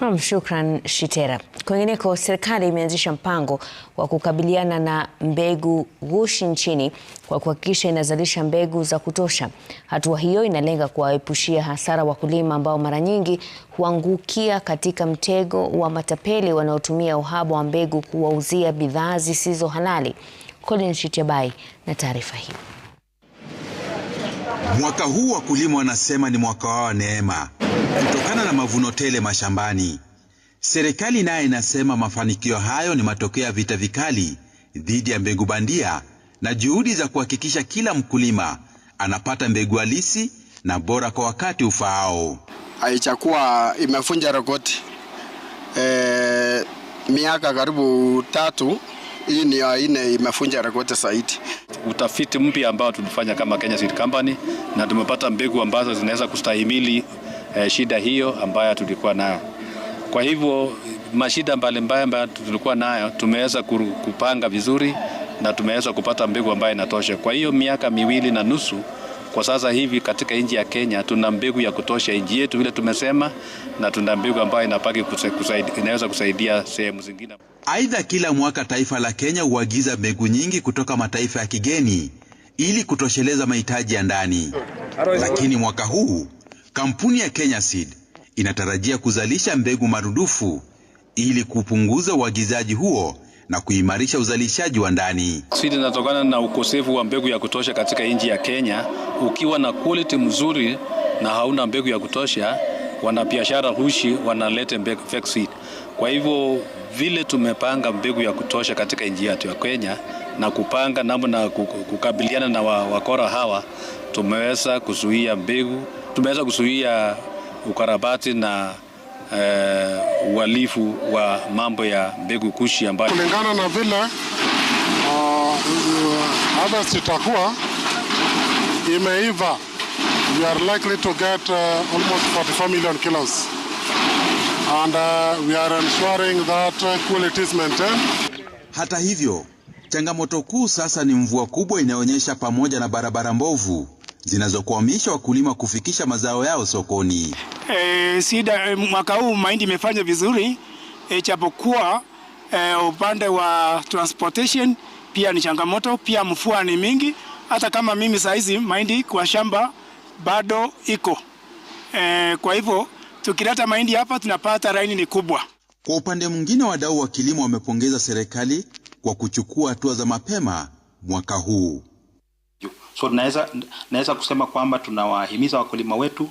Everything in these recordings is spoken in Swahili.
Naam, shukran Shitera. Kwingineko, serikali imeanzisha mpango wa kukabiliana na mbegu ghushi nchini kwa kuhakikisha inazalisha mbegu za kutosha. Hatua hiyo inalenga kuwaepushia hasara wakulima ambao mara nyingi huangukia katika mtego wa matapeli wanaotumia uhaba wa mbegu kuwauzia bidhaa zisizo halali. Colin Shitabai na taarifa hii. Mwaka huu wakulima wanasema ni mwaka wao wa neema kutokana na mavuno tele mashambani. Serikali naye inasema mafanikio hayo ni matokeo ya vita vikali dhidi ya mbegu bandia na juhudi za kuhakikisha kila mkulima anapata mbegu halisi na bora kwa wakati ufaao. Haichakuwa imefunja rekodi e, miaka karibu tatu. Hii ni aina imefunja rekodi zaidi utafiti mpya ambao tulifanya kama Kenya Seed Company, na tumepata mbegu ambazo zinaweza kustahimili eh, shida hiyo ambayo tulikuwa nayo. Kwa hivyo mashida mbalimbali ambayo tulikuwa nayo tumeweza kupanga vizuri na tumeweza kupata mbegu ambayo inatosha. Kwa hiyo miaka miwili na nusu kwa sasa hivi katika nchi ya Kenya tuna mbegu ya kutosha nchi yetu vile tumesema, na tuna mbegu ambayo inapaki kusaidi, inaweza kusaidia sehemu zingine. Aidha, kila mwaka taifa la Kenya huagiza mbegu nyingi kutoka mataifa ya kigeni ili kutosheleza mahitaji ya ndani, lakini mwaka huu kampuni ya Kenya Seed inatarajia kuzalisha mbegu marudufu ili kupunguza uagizaji huo na kuimarisha uzalishaji wa ndani. Swidi linatokana na ukosefu wa mbegu ya kutosha katika nchi ya Kenya. Ukiwa na quality mzuri na hauna mbegu ya kutosha, wanabiashara hushi wanalete mbegu fake seed. Kwa hivyo vile tumepanga mbegu ya kutosha katika nchi yetu ya Kenya na kupanga namna na kukabiliana na wakora hawa, tumeweza kuzuia mbegu, tumeweza kuzuia ukarabati na uh, uhalifu wa mambo ya mbegu kushi ambayo kulingana na vile ah, uh, uh, harvest uh, sitakuwa imeiva, we are likely to get uh, almost 44 million kilos and uh, we are ensuring that quality uh, is maintained. Hata hivyo, changamoto kuu sasa ni mvua kubwa inaonyesha pamoja na barabara mbovu zinazokwamisha wakulima kufikisha mazao yao sokoni. E, sida e, mwaka huu mahindi imefanya vizuri e, chapokuwa e, upande wa transportation pia ni changamoto, pia mfua ni mingi. Hata kama mimi saizi mahindi kwa shamba bado iko e, kwa hivyo tukileta mahindi hapa tunapata laini ni kubwa. Kwa upande mwingine, wadau wa kilimo wamepongeza serikali kwa kuchukua hatua za mapema mwaka huu juu. So naweza naweza kusema kwamba tunawahimiza wakulima wetu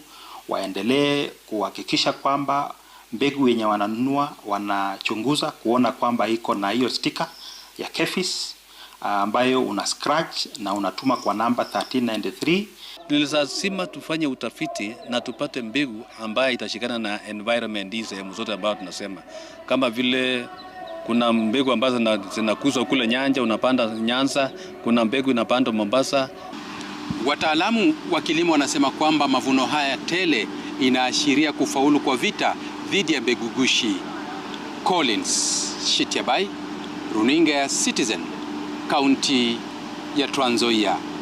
waendelee kuhakikisha kwamba mbegu yenye wananunua wanachunguza kuona kwamba iko na hiyo stika ya KEFIS ah, ambayo una scratch na unatuma kwa namba 1393. lazima tufanye utafiti na tupate mbegu ambayo itashikana na environment hii sehemu zote ambayo tunasema kama vile kuna mbegu ambazo zinakuzwa kule Nyanja, unapanda Nyanza, kuna mbegu inapandwa Mombasa. Wataalamu wa kilimo wanasema kwamba mavuno haya tele inaashiria kufaulu kwa vita dhidi ya mbegu gushi. Collins Shitiabai, runinga ya Citizen, kaunti ya Trans Nzoia.